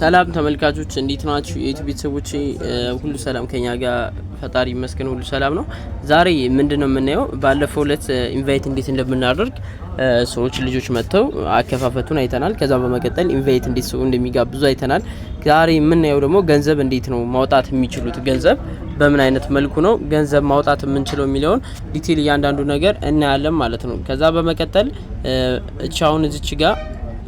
ሰላም ተመልካቾች እንዴት ናችሁ? የኢትዮ ቤተሰቦች ሁሉ ሰላም ከኛ ጋር ፈጣሪ ይመስገን ሁሉ ሰላም ነው። ዛሬ ምንድን ነው የምናየው? ባለፈው ዕለት ኢንቫይት እንዴት እንደምናደርግ ሰዎች ልጆች መጥተው አከፋፈቱን አይተናል። ከዛ በመቀጠል ኢንቫይት እንዴት ሰው እንደሚጋብዙ አይተናል። ዛሬ የምናየው ደግሞ ገንዘብ እንዴት ነው ማውጣት የሚችሉት፣ ገንዘብ በምን አይነት መልኩ ነው ገንዘብ ማውጣት የምንችለው የሚለውን ዲቴል እያንዳንዱ ነገር እናያለን ማለት ነው። ከዛ በመቀጠል እቻውን አሁን እዚች ጋር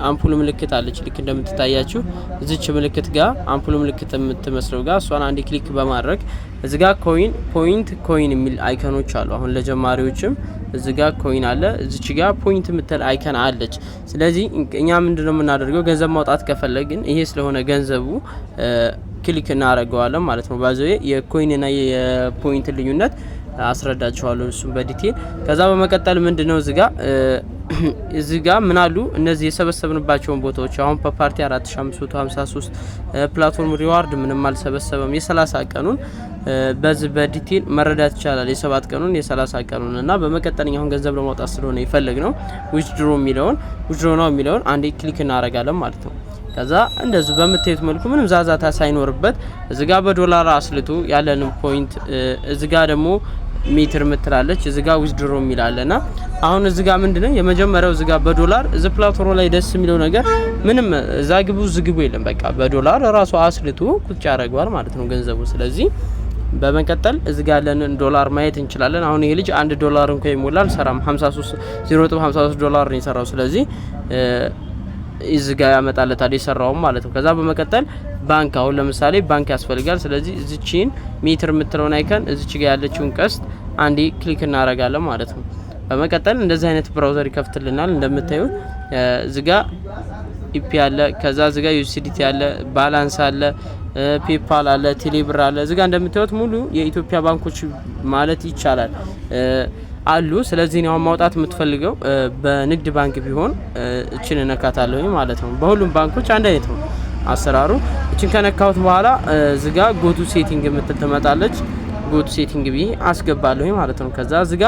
አምፑል ምልክት አለች። ልክ እንደምትታያችሁ እዚች ምልክት ጋር አምፑል ምልክት የምትመስለው ጋር እሷን አንድ ክሊክ በማድረግ እዚ ጋ ኮይን ፖይንት ኮይን የሚል አይከኖች አሉ። አሁን ለጀማሪዎችም እዚ ጋ ኮይን አለ፣ እዚች ጋ ፖይንት የምትል አይከን አለች። ስለዚህ እኛ ምንድነው የምናደርገው ገንዘብ ማውጣት ከፈለግን ይሄ ስለሆነ ገንዘቡ ክሊክ እናደርገዋለን ማለት ነው። ባዘ የኮይንና የፖይንት ልዩነት አስረዳችኋለሁ እሱም በዲቴል ከዛ በመቀጠል ምንድነው እዚጋ እዚህ ጋር ምን አሉ እነዚህ የሰበሰብንባቸውን ቦታዎች አሁን በፓርቲ 4553 ፕላትፎርም ሪዋርድ ምንም አልሰበሰበም። የ30 ቀኑን በዚህ በዲቴል መረዳት ይቻላል። የሰባት ቀኑን የ30 ቀኑን እና በመቀጠልኛ አሁን ገንዘብ ለማውጣት ስለሆነ ይፈልግ ነው ዊዝድሮ የሚለውን ዊዝድሮ ነው የሚለውን አንዴ ክሊክ እናደርጋለን ማለት ነው። ከዛ እንደዚህ በምታዩት መልኩ ምንም ዛዛታ ሳይኖርበት እዚጋ በዶላር አስልቱ ያለንም ፖይንት እዚጋ ደግሞ ሜትር ምትላለች እዚጋ ዊዝድሮ የሚላለና አሁን እዚጋ ምንድነው የመጀመሪያው እዚጋ በዶላር እዚ ፕላቶሮ ላይ ደስ የሚለው ነገር ምንም እዛ ግቡ ዝግቡ የለም። በቃ በዶላር ራሱ አስልቶ ቁጭ ያደርገዋል ማለት ነው ገንዘቡ። ስለዚህ በመቀጠል ጋ ያለንን ዶላር ማየት እንችላለን። አሁን ይሄ ልጅ አንድ ዶላር እንኳ ይሞላል ሰራም 53 ዶላር ነው የሰራው። ስለዚህ እዚጋ ያመጣለታል የሰራውም ማለት ነው። ከዛ በመቀጠል ባንክ አሁን ለምሳሌ ባንክ ያስፈልጋል። ስለዚህ እዚችን ሜትር የምትለውን አይከን እዚች ጋ ያለችውን ቀስት አንዴ ክሊክ እናደርጋለን ማለት ነው። በመቀጠል እንደዚህ አይነት ብራውዘር ይከፍትልናል። እንደምታዩ እዚጋ ኢፒ አለ፣ ከዛ እዚጋ ዩሲዲቲ አለ፣ ባላንስ አለ፣ ፔፓል አለ፣ ቴሌብር አለ። እዚጋ እንደምታዩት ሙሉ የኢትዮጵያ ባንኮች ማለት ይቻላል አሉ። ስለዚህ ነው ማውጣት የምትፈልገው በንግድ ባንክ ቢሆን እችን እነካታለሁኝ ማለት ነው። በሁሉም ባንኮች አንድ አይነት ነው። አሰራሩ። እችን ከነካሁት በኋላ ዝጋ ጎቱ ሴቲንግ የምትል ትመጣለች። ጎቱ ሴቲንግ ብዬ አስገባለሁ ማለት ነው። ከዛ እዚጋ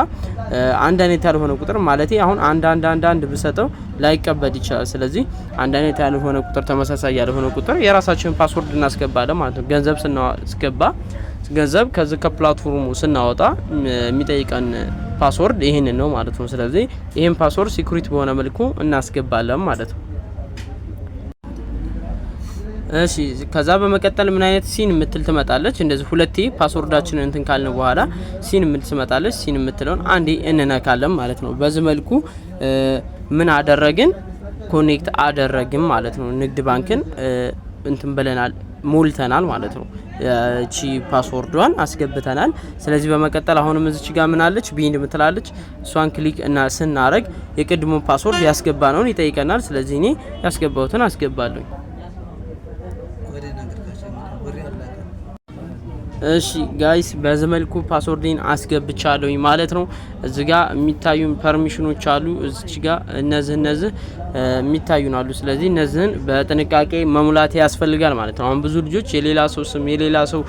አንድ አይነት ያልሆነ ቁጥር ማለት አሁን አንድ አንድ አንድ አንድ ብሰጠው ላይቀበል ይችላል። ስለዚህ አንድ አይነት ያልሆነ ቁጥር፣ ተመሳሳይ ያልሆነ ቁጥር የራሳችንን ፓስወርድ እናስገባለን ማለት ነው። ገንዘብ ስናስገባ ገንዘብ ከዚህ ከፕላትፎርሙ ስናወጣ የሚጠይቀን ፓስወርድ ይህንን ነው ማለት ነው። ስለዚህ ይህን ፓስወርድ ሲኩሪት በሆነ መልኩ እናስገባለን ማለት ነው። እሺ ከዛ በመቀጠል ምን አይነት ሲን የምትል ትመጣለች። እንደዚህ ሁለቴ ፓስወርዳችን እንትን ካልን በኋላ ሲን የምትል ትመጣለች። ሲን የምትለውን አንዴ እንነካለን ማለት ነው። በዚህ መልኩ ምን አደረግን? ኮኔክት አደረግን ማለት ነው። ንግድ ባንክን እንትን ብለናል ሞልተናል ማለት ነው። እቺ ፓስወርዷን አስገብተናል። ስለዚህ በመቀጠል አሁንም እዚች ጋር ምናለች ቢንድ ምትላለች። እሷን ክሊክ እና ስናረግ የቅድሞ ፓስወርድ ያስገባ ነውን ይጠይቀናል። ስለዚህ እኔ ያስገባሁትን አስገባለሁ። እሺ ጋይስ በዚህ መልኩ ፓስወርዴን አስገብቻለሁኝ ማለት ነው። እዚህ ጋር የሚታዩ ፐርሚሽኖች አሉ። እዚች ጋር እነዚህ እነዚህ የሚታዩን አሉ። ስለዚህ እነዚህን በጥንቃቄ መሙላት ያስፈልጋል ማለት ነው። አሁን ብዙ ልጆች የሌላ ሰው ስም የሌላ ሰው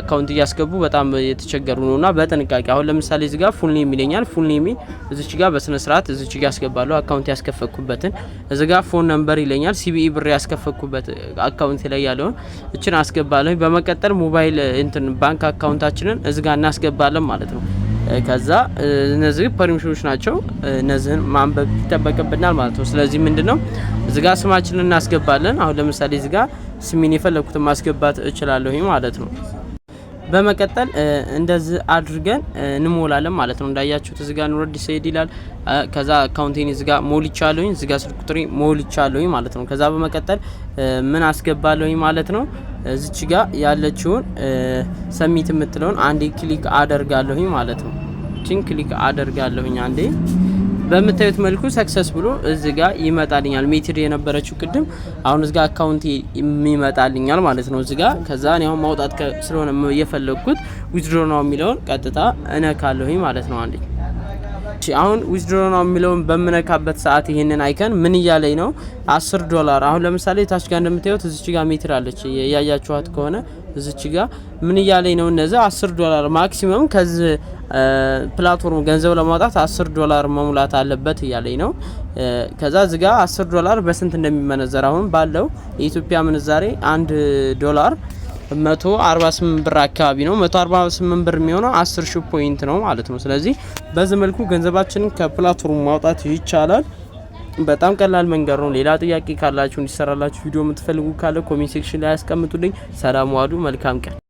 አካውንት እያስገቡ በጣም የተቸገሩ ነው እና በጥንቃቄ አሁን ለምሳሌ እዚህ ጋር ፉል ኔም ይለኛል። ፉል ኔም እዚች ጋር በስነ ስርዓት እዚች ጋር አስገባለሁ አካውንት ያስከፈኩበትን። እዚህ ጋር ፎን ነምበር ይለኛል። ሲቢኢ ብር ያስከፈኩበት አካውንት ላይ ያለውን እችን አስገባለሁ። በመቀጠል ሞባይል እንትን ባንክ አካውንታችንን እዚህ ጋር እናስገባለን ማለት ነው። ከዛ እነዚህ ፐርሚሽኖች ናቸው። እነዚህን ማንበብ ይጠበቅብናል ማለት ነው። ስለዚህ ምንድን ነው እዚጋ ስማችንን እናስገባለን። አሁን ለምሳሌ እዚጋ ጋር ስሜን ማስገባት እችላለሁ ማለት ነው። በመቀጠል እንደዚህ አድርገን እንሞላለን ማለት ነው። እንዳያችሁት እዚጋ ኑረድ ኑረዲ ሰይድ ይላል። ከዛ አካውንቴን እዚጋ ጋር ሞልቻለሁኝ፣ እዚጋ ስልክ ቁጥሬ ሞልቻለሁኝ ማለት ነው። ከዛ በመቀጠል ምን አስገባለሁኝ ማለት ነው እዚች ጋ ያለችውን ሰሚት የምትለውን አንዴ ክሊክ አደርጋለሁኝ ማለት ነው። ችን ክሊክ አደርጋለሁኝ አንዴ በምታዩት መልኩ ሰክሰስ ብሎ እዚ ጋ ይመጣልኛል። ሜትር የነበረችው ቅድም አሁን እዚ ጋ አካውንት ይመጣልኛል ማለት ነው። እዚ ጋ ከዛ እኔ አሁን ማውጣት ስለሆነ የፈለግኩት ዊዝድሮ ነው የሚለውን ቀጥታ እነካለሁኝ ማለት ነው አንዴ አሁን ዊዝድሮ ነው የሚለውን በምነካበት ሰዓት ይሄንን አይከን ምን እያለኝ ነው? 10 ዶላር አሁን ለምሳሌ ታች ጋር እንደምታዩት እዚች ጋር ሜትር አለች እያያችኋት ከሆነ እዚች ጋር ምን እያለኝ ነው? እነዚ 10 ዶላር ማክሲመም ከዚህ ፕላትፎርም ገንዘብ ለማውጣት 10 ዶላር መሙላት አለበት እያለኝ ነው። ከዛ እዚ ጋር 10 ዶላር በስንት እንደሚመነዘር አሁን ባለው የኢትዮጵያ ምንዛሬ አንድ ዶላር 148 ብር አካባቢ ነው። 148 ብር የሚሆነው 10 ሺህ ፖይንት ነው ማለት ነው። ስለዚህ በዚህ መልኩ ገንዘባችንን ከፕላትፎርም ማውጣት ይቻላል። በጣም ቀላል መንገድ ነው። ሌላ ጥያቄ ካላችሁ እንዲሰራላችሁ ቪዲዮ የምትፈልጉ ካለ ኮሜንት ሴክሽን ላይ ያስቀምጡልኝ። ሰላም ዋሉ። መልካም ቀን